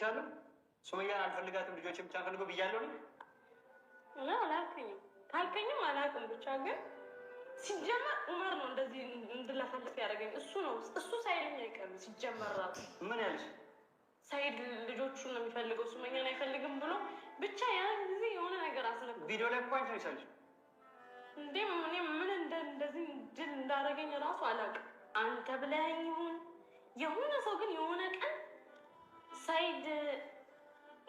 ልክሻለሁ። ሱመያን አልፈልጋትም ልጆች ብቻ ፈልጎ ብያለሁ። እና አላልከኝም ካልከኝም አላውቅም። ብቻ ግን ሲጀመር ኡመር ነው እንደዚህ እንድላፈልፍ ያደረገኝ እሱ ነው። እሱ ሳይልኝ አይቀርም። ሲጀመር ራሱ ምን ያለች ሳይድ ልጆቹ ነው የሚፈልገው ሱመኛን አይፈልግም ብሎ ብቻ ያን ጊዜ የሆነ ነገር አስነኩ። ቪዲዮ ላይ እኮ አንቺ ይሳለች እንዴ እኔ ምን እንደዚህ ድል እንዳደረገኝ ራሱ አላውቅም። አንተ ብለኸኝ ይሁን የሆነ ሰው ግን የሆነ ቀን ሳይድ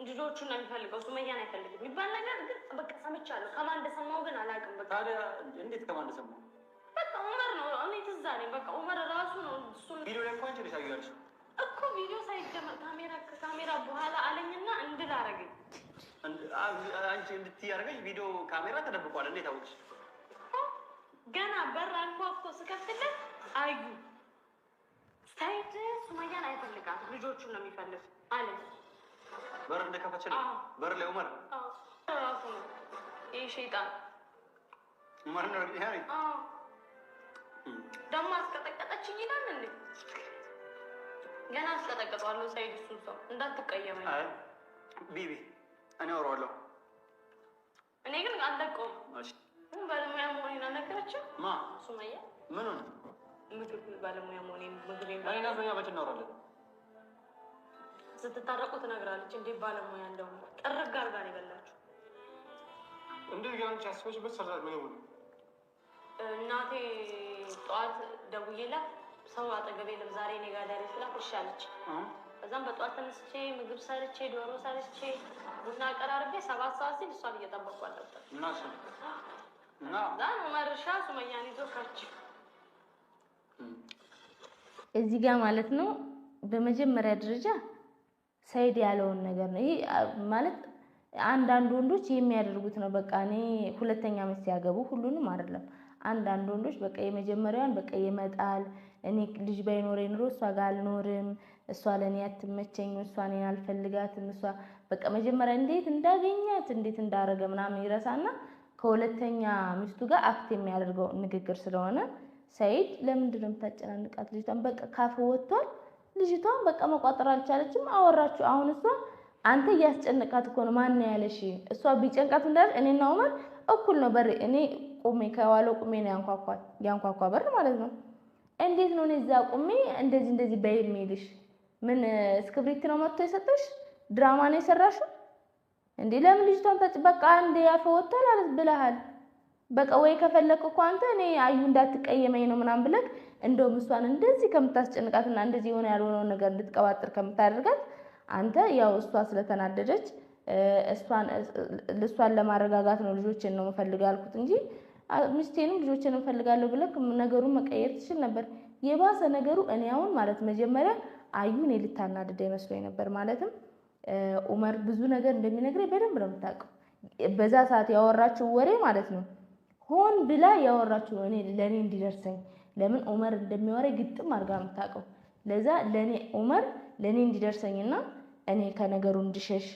ልጆቹን ነው የሚፈልገው፣ ሱመያን አይፈልግም የሚባል ነገር ግን በቃ ሰምቻለሁ። ከማን እንደሰማሁ ግን አላውቅም። በቃ ታዲያ እንዴት ከማን እንደሰማሁ በቃ ኡመር ነው እኔ ትዝ አለኝ። በቃ ኡመር ራሱ ነው እሱ ቪዲዮ ላይ እንኳን ቸር ያዩልሽ እኮ ቪዲዮ ሳይጀመር ካሜራ ከካሜራ በኋላ አለኝና እንድል አረገኝ። አንቺ እንድትይ አደረገኝ። ቪዲዮ ካሜራ ተደብቋል። እንዴት አወቅሽ? ገና በር አንኳኩቶ ስከፍትለት አዩ ሳይድ ሱመያን አይፈልጋትም፣ ልጆቹን ነው የሚፈልግ አለ። በር እንደከፈች በር ላይ ኡመር ራሱ ይህ ሸይጣን ኡመር ነው ደግሞ አስቀጠቀጠችኝ ይላል። እንዴ ገና አስቀጠቀጠዋለሁ። ሳይድ እሱን ሰው እንዳትቀየመኝ ቢቢ፣ እኔ አወራዋለሁ። እኔ ግን አልለቀውም። በልሙያ መሆኔን አልነገረችም ሱመያ ምኑን የምትወድኩት ባለሙያ መሆኔ እኔና ሶኛ መች እናወራለን? ስትታረቁ ትነግራለች። እንዴት ባለሙያ እንደሆነ ቀረብ ጋር ጋር የበላችሁ እንዴት ገራንች ያስበች በሰራ ምግቡ እናቴ ጠዋት ደውዬላት ሰው አጠገቤ የለም ዛሬ እኔ ጋር ዳሬ ስላት እሺ አለች። ከዛም በጠዋት ተነስቼ ምግብ ሰርቼ ዶሮ ሰርቼ ቡና አቀራርቤ ሰባት ሰዓት ሲል እሷን እየጠበቅኩ አለበት እና መርሻ ሱመያን ይዞ ከርች እዚህ ጋር ማለት ነው። በመጀመሪያ ደረጃ ሰይድ ያለውን ነገር ነው። ይሄ ማለት አንዳንድ ወንዶች የሚያደርጉት ነው። በቃ እኔ ሁለተኛ ሚስት ሲያገቡ ሁሉንም አይደለም። አንዳንድ ወንዶች በቃ የመጀመሪያዋን በቃ የመጣል እኔ ልጅ ባይኖረኝ ኑሮ እሷ ጋር አልኖርም፣ እሷ ለእኔ አትመቸኝም፣ እሷ እኔን አልፈልጋትም፣ እሷ በቃ መጀመሪያ እንዴት እንዳገኛት እንዴት እንዳረገ ምናምን ይረሳና ከሁለተኛ ሚስቱ ጋር አክት የሚያደርገው ንግግር ስለሆነ ሰይድ ለምንድን ነው የምታጨናንቃት? ልጅቷን በቃ ካፍ ወጥቷል። ልጅቷን በቃ መቋጠር አልቻለችም። አወራችሁ አሁን እሷ አንተ እያስጨነቃት እኮ ነው። ማን ያለሽ? እሷ ቢጨንቃት እንዳለ እኔና ዑመር እኩል ነው በር እኔ ቁሜ ከዋለው ቁሜ ነው ያንኳኳት ያንኳኳ በር ማለት ነው። እንዴት ነው እዛ ቁሜ እንደዚህ እንደዚህ በይ የሚልሽ? ምን እስክብሪት ነው መጥቶ የሰጠሽ? ድራማ ነው የሰራሽው እንዴ? ለምን ልጅቷን በቃ እንደ ያፈወጣል አለት ብለሃል በቃ ወይ ከፈለክ እኮ አንተ እኔ አዩ እንዳትቀየመኝ ነው ምናምን ብለክ እንደውም እሷን እንደዚህ ከምታስጨንቃትና እንደዚህ የሆነ ያልሆነውን ነገር እንድትቀባጥር ከምታደርጋት አንተ ያው እሷ ስለተናደደች እሷን ለማረጋጋት ነው ልጆችን ነው መፈልግ ያልኩት እንጂ ሚስቴንም ልጆችን እንፈልጋለሁ ብለክ ነገሩን መቀየር ትችል ነበር። የባሰ ነገሩ እኔ አሁን ማለት መጀመሪያ አዩ እኔ ልታናድደ ይመስለኝ ነበር። ማለትም ኡመር ብዙ ነገር እንደሚነግረኝ በደንብ ነው የምታውቀው። በዛ ሰዓት ያወራችው ወሬ ማለት ነው ሆን ብላ ያወራችሁ ነው። እኔ ለእኔ እንዲደርሰኝ ለምን ኦመር እንደሚያወራ ግጥም አድርጋ የምታውቀው ለዛ ለእኔ ኦመር ለእኔ እንዲደርሰኝና እኔ ከነገሩ እንዲሸሽ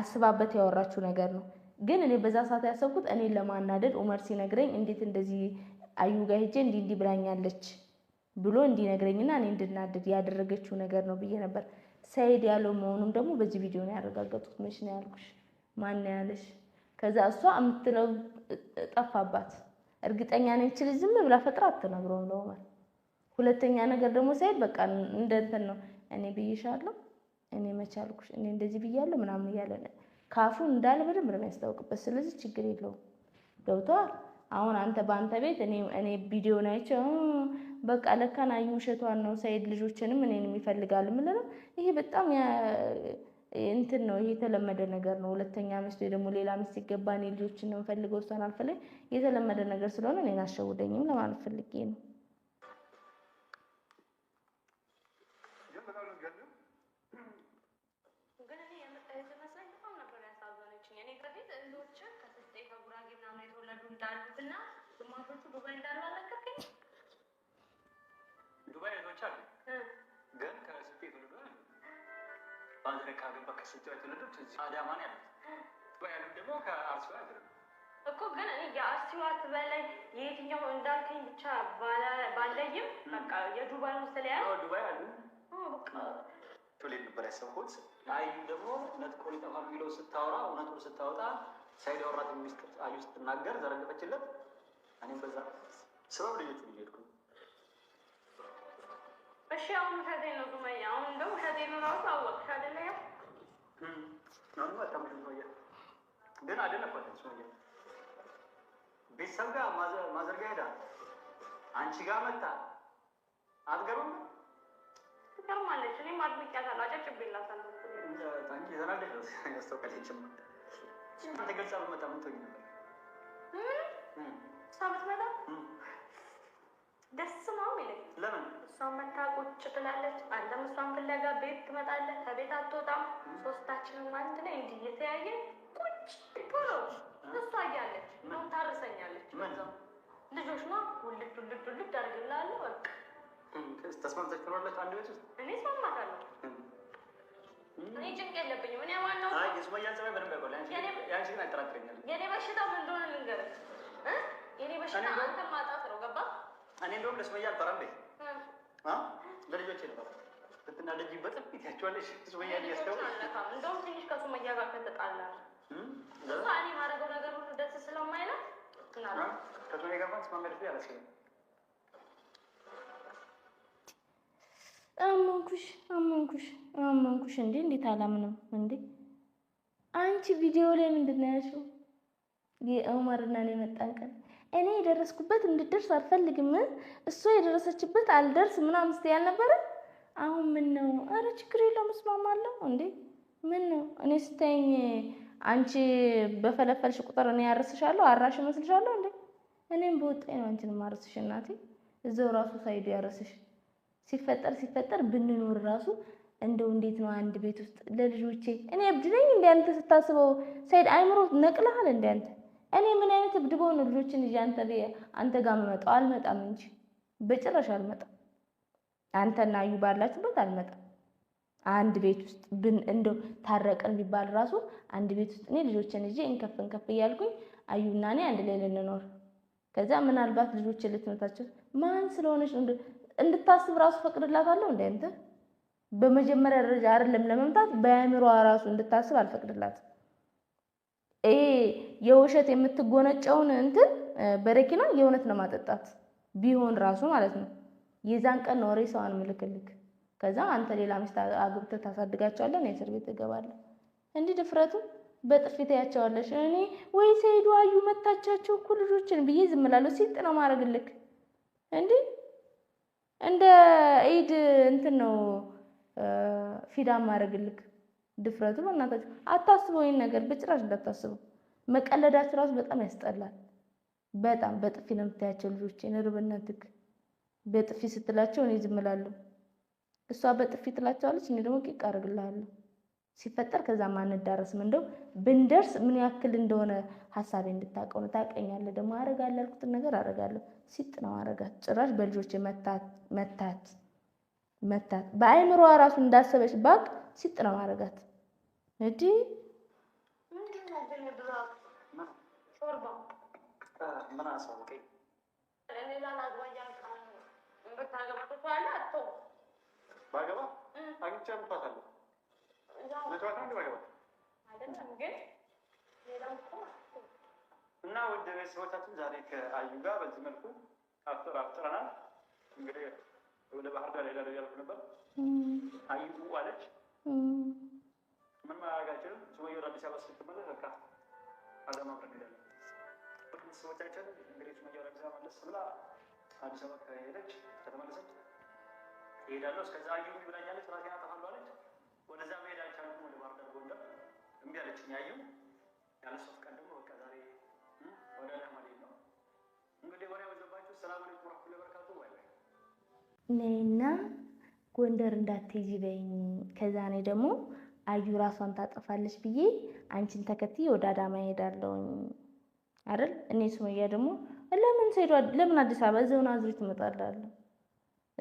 አስባበት ያወራችሁ ነገር ነው። ግን እኔ በዛ ሰዓት ያሰብኩት እኔ ለማናደድ ኦመር ሲነግረኝ እንዴት እንደዚህ አዩ ጋ ሄጄ እንዲህ እንዲህ ብላኛለች ብሎ እንዲነግረኝና እኔ እንድናደድ ያደረገችው ነገር ነው ብዬ ነበር። ሰይድ ያለው መሆኑም ደግሞ በዚህ ቪዲዮ ነው ያረጋገጡት። መች ነው ያልኩሽ? ማን ያለሽ? ከዛ እሷ የምትለው ጠፋባት። እርግጠኛ ነኝ ችል ዝም ብላ ፈጥራ አትነግረውም ነው ሁለተኛ ነገር ደግሞ ሳይድ በቃ እንደ እንትን ነው እኔ ብይሻለሁ፣ እኔ መቻልኩሽ፣ እኔ እንደዚህ ብያለሁ ምናምን እያለ ካፉ እንዳለ በደንብ ነው የሚያስታውቅበት። ስለዚህ ችግር የለውም ገብተዋል። አሁን አንተ በአንተ ቤት እኔ ቪዲዮ አይቼ በቃ ለካን አዩ ውሸቷን ነው ሳይድ ልጆችንም እኔንም ይፈልጋል ምንለው ይሄ በጣም እንትን ነው ይሄ የተለመደ ነገር ነው። ሁለተኛ ሚስት ወይ ደግሞ ሌላ ሚስት ሲገባ እኔ ልጆችን ነው የምፈልገው እሷን አልፈለግ የተለመደ ነገር ስለሆነ እኔን አሸውደኝም ለማለት ፈልጌ ነው። አሜሪካ ገባ ከስንት የተወለዱት እዚህ አዳማ ደግሞ እኮ ግን የአርሲዋ ትበላይ የየትኛው እንዳልከኝ ብቻ ባለይም በቃ የዱባይ ስለያ ዱባይ አሉ ቶሌ ነበር ያሰብኩት። አዩ ደግሞ የሚለው ስታወራ እውነቱን ስታወጣ አዩ ስትናገር ዘረገፈችለት። እኔም በዛ ስበብ ልዩት ልሄድኩ እሺ አሁን ውሸቴ ነው ሱመያ፣ አሁን እንደው ውሸቴ ነው አወቅሽ አይደለ? ያው አሁን በጣም ሱመያ ግን አደነኳት። ሱመያ ቤተሰብ ጋር ማዘርጋ ሄዳ አንቺ ጋር መጣ አትገሩም? ትገርማለች። እኔም አድብቂያታለሁ፣ አጨጭቤላታለሁ። አንቺ ተናደሽ ምን ትሆኝ ነበር? ምንም ሳምት መጣ ቤት አትወጣም። ሶስታችንም አንድ ላይ እንጂ እየተያየ ቁጭ ቶሎ እሷ እያለች አሁን ታርሰኛለች። ልጆች ማ ውልድ ውልድ ውልድ አድርግላለሁ። በቃ ተስማምታችሁ ኖራላችሁ አንድ ቤት ውስጥ? እኔ እስማማታለሁ። እኔ ጭንቅ የለብኝም። እኔ ዋናው የሱመያን ፀባይ በደንብ ያውቀዋል። ያንቺ ግን ያጠራጥረኛል። የእኔ በሽታ ምን እንደሆነ ልንገርህ። የእኔ በሽታ አንተ ማጣት ነው። ገባህ? እኔ እንደውም ለሱመያ አልጠራም ቤት ለልጆቼ ነው ብትናደጂበት ያቸዋለሽ እንደውም ትንሽ ከሱመያ ጋር ከተጣላል እሷ እኔ ማድረገው ነገር ሁሉ ደስ ስለማይላት አመንኩሽ አመንኩሽ አመንኩሽ። እንዴ እንዴት አላምንም እንዴ? አንቺ ቪዲዮ ላይ ምንድን ነው ያልሽው? የዑመርና ነው የመጣን ቀን እኔ የደረስኩበት እንድደርስ አልፈልግም፣ እሷ የደረሰችበት አልደርስ ምናምን ስትይ አልነበረ አሁን ምን ነው? አረ ችግር የለውም እስማማለሁ። እንዴ ምን ነው? እኔ ስተኝ አንቺ በፈለፈልሽ ቁጥር እኔ ያርስሻለሁ፣ አራሽ እመስልሻለሁ እንዴ? እኔም በወጣኝ ነው አንቺን ማርስሽ እናቴ፣ እዛው ራሱ ሳይዱ ያረስሽ ሲፈጠር ሲፈጠር ብንኖር ራሱ እንደው እንዴት ነው አንድ ቤት ውስጥ ለልጆቼ እኔ እብድ ነኝ እንደ አንተ ስታስበው ሰይድ አይምሮ ነቅልሃል እንደ አንተ እኔ ምን አይነት እብድ በሆነ ልጆችን ይዤ አንተ አንተ ጋር መመጣው አልመጣም እንጂ በጭራሽ አልመጣም አንተና አዩ ባላችሁበት አልመጣም። አንድ ቤት ውስጥ ብን እንደው ታረቅን ቢባል ራሱ አንድ ቤት ውስጥ እኔ ልጆችን ይዤ እንከፍ እንከፍ እያልኩኝ አዩና እኔ አንድ ላይ ልንኖር ከዛ ምናልባት ልጆች ልትመታቸው ማን ስለሆነች እንድታስብ ራሱ ፈቅድላታለሁ። እንደ አንተ በመጀመሪያ ደረጃ አይደለም ለመምታት በአእምሯ ራሱ እንድታስብ አልፈቅድላትም። ይሄ የውሸት የምትጎነጨውን እንትን በረኪና የእውነት ለማጠጣት ቢሆን ራሱ ማለት ነው። የዛን ቀን ነው ሬሳዋን ምልክልክ። ከዛ አንተ ሌላ ሚስት አግብተህ ታሳድጋቸዋለህ፣ እኔ እስር ቤት እገባለሁ። እንዲህ ድፍረቱ በጥፊ ታያቸዋለሽ። እኔ ወይ ሰይዱ አዩ መታቻቸው እኮ ልጆችን ብዬ ዝም እላለሁ። ሲጥ ነው ማድረግልክ። እንዲህ እንደ ኢድ እንትን ነው ፊዳ ማድረግልክ። ድፍረቱ በእናታችሁ አታስበው፣ ይህን ነገር በጭራሽ እንዳታስበው። መቀለዳችሁ ራሱ በጣም ያስጠላል። በጣም በጥፊ ነው የምታያቸው ልጆች ርብነትክ በጥፊ ስትላቸው እኔ ዝም እላለሁ። እሷ በጥፊ ትላቸዋለች፣ እኔ ደግሞ ቂቅ አደርግልሃለሁ። ሲፈጠር ከዛ ማንዳረስም እንደው ብንደርስ ምን ያክል እንደሆነ ሀሳቤ እንድታውቀው ነው። ታውቀኛለህ ደግሞ አረጋለሁ ያልኩትን ነገር አረጋለሁ። ሲጥ ነው አረጋት። ጭራሽ በልጆች መታት መታት መታት። በአይምሮዋ ራሱ እንዳሰበች ባቅ ሲጥ ነው አረጋት። እንዲህ ምን ባገባ አግኝቼ እና ወደ ቤተሰቦቻችን ዛሬ ከአዩ ጋር በዚህ መልኩ አፍጥር አፍጥረናል። እንግዲህ ወደ ባህር ዳር ሄዳ ያልኩ ነበር። አዩ አለች ምን ማድረግ አይችልም። ሰውዬው ወደ አዲስ አበባ ስትመለስ በቃ አዳማ ብለን እንሄዳለን። ቤተሰቦቻችን እንግዲህ ወደ አዲስ አበባ መለስ ብላ አዲስ አበባ ከሄደች ከተመለሰች እስከዛ አየሁ ብላኛለች፣ ራሴን አጠፋለሁ አለች። ወደዛ መሄድ አልቻልኩም። ወደ ባህር ዳር ጎንደር እምቢ አለችኝ። አየሁ ያለ ሶስት ደግሞ በቃ ዛሬ ወደ ነው እንግዲህ ወሬ ሰላም አለይኩም ባይ ነይና ጎንደር እንዳትይዥ በይኝ። ከዛ እኔ ደግሞ አዩ ራሷን ታጠፋለች ብዬ አንቺን ተከትዬ ወደ አዳማ እሄዳለሁኝ አይደል? እኔ ሱመያ ደግሞ ለምን ሰይዶ ለምን አዲስ አበባ እዛው ናዝሬት እመጣላለሁ?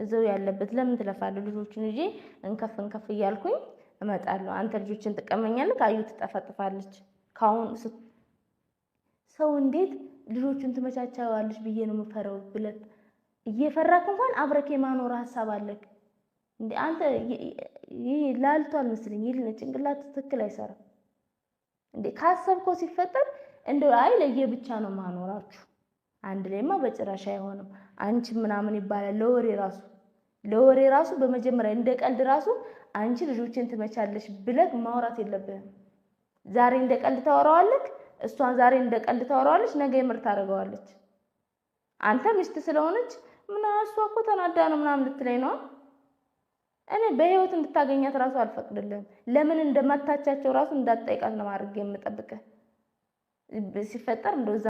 እዛው ያለበት ለምን ትለፋለሁ? ልጆቹን ይዤ እንከፍ እንከፍ እያልኩኝ እመጣለሁ። አንተ ልጆችን ትቀመኛለህ፣ አዩ ትጠፋጥፋለች። ካሁን ሰው እንዴት ልጆቹን ትመቻቻዋለች ብዬ ነው የምፈረው። ብለት እየፈራክ እንኳን አብረክ የማኖር ሀሳብ አለክ እንዴ? አንተ ይሄ ላልቷል መስለኝ ይል ጭንቅላት ትክክል አይሰራም እንዴ? ካሰብከው ሲፈጠር እንደው አይ ለየብቻ ነው ማኖራችሁ አንድ ላይማ በጭራሽ አይሆንም። አንቺ ምናምን ይባላል ለወሬ ራሱ ለወሬ ራሱ በመጀመሪያ እንደ ቀልድ ራሱ አንቺ ልጆችን ትመቻለሽ ብለህ ማውራት የለብህም። ዛሬ እንደ ቀልድ ታወራዋለህ፣ እሷን ዛሬ እንደ ቀልድ ታወራዋለች፣ ነገ ምር ታደርገዋለች። አንተ ሚስት ስለሆነች ምና እሷ እኮ ተናዳ ነው ምናምን ልትለኝ ነው። እኔ በህይወት እንድታገኛት ራሱ አልፈቅድልህም። ለምን እንደመታቻቸው ራሱ እንዳትጠይቃት ነው ማድረግ የምጠብቅህ ሲፈጠር እንደዛ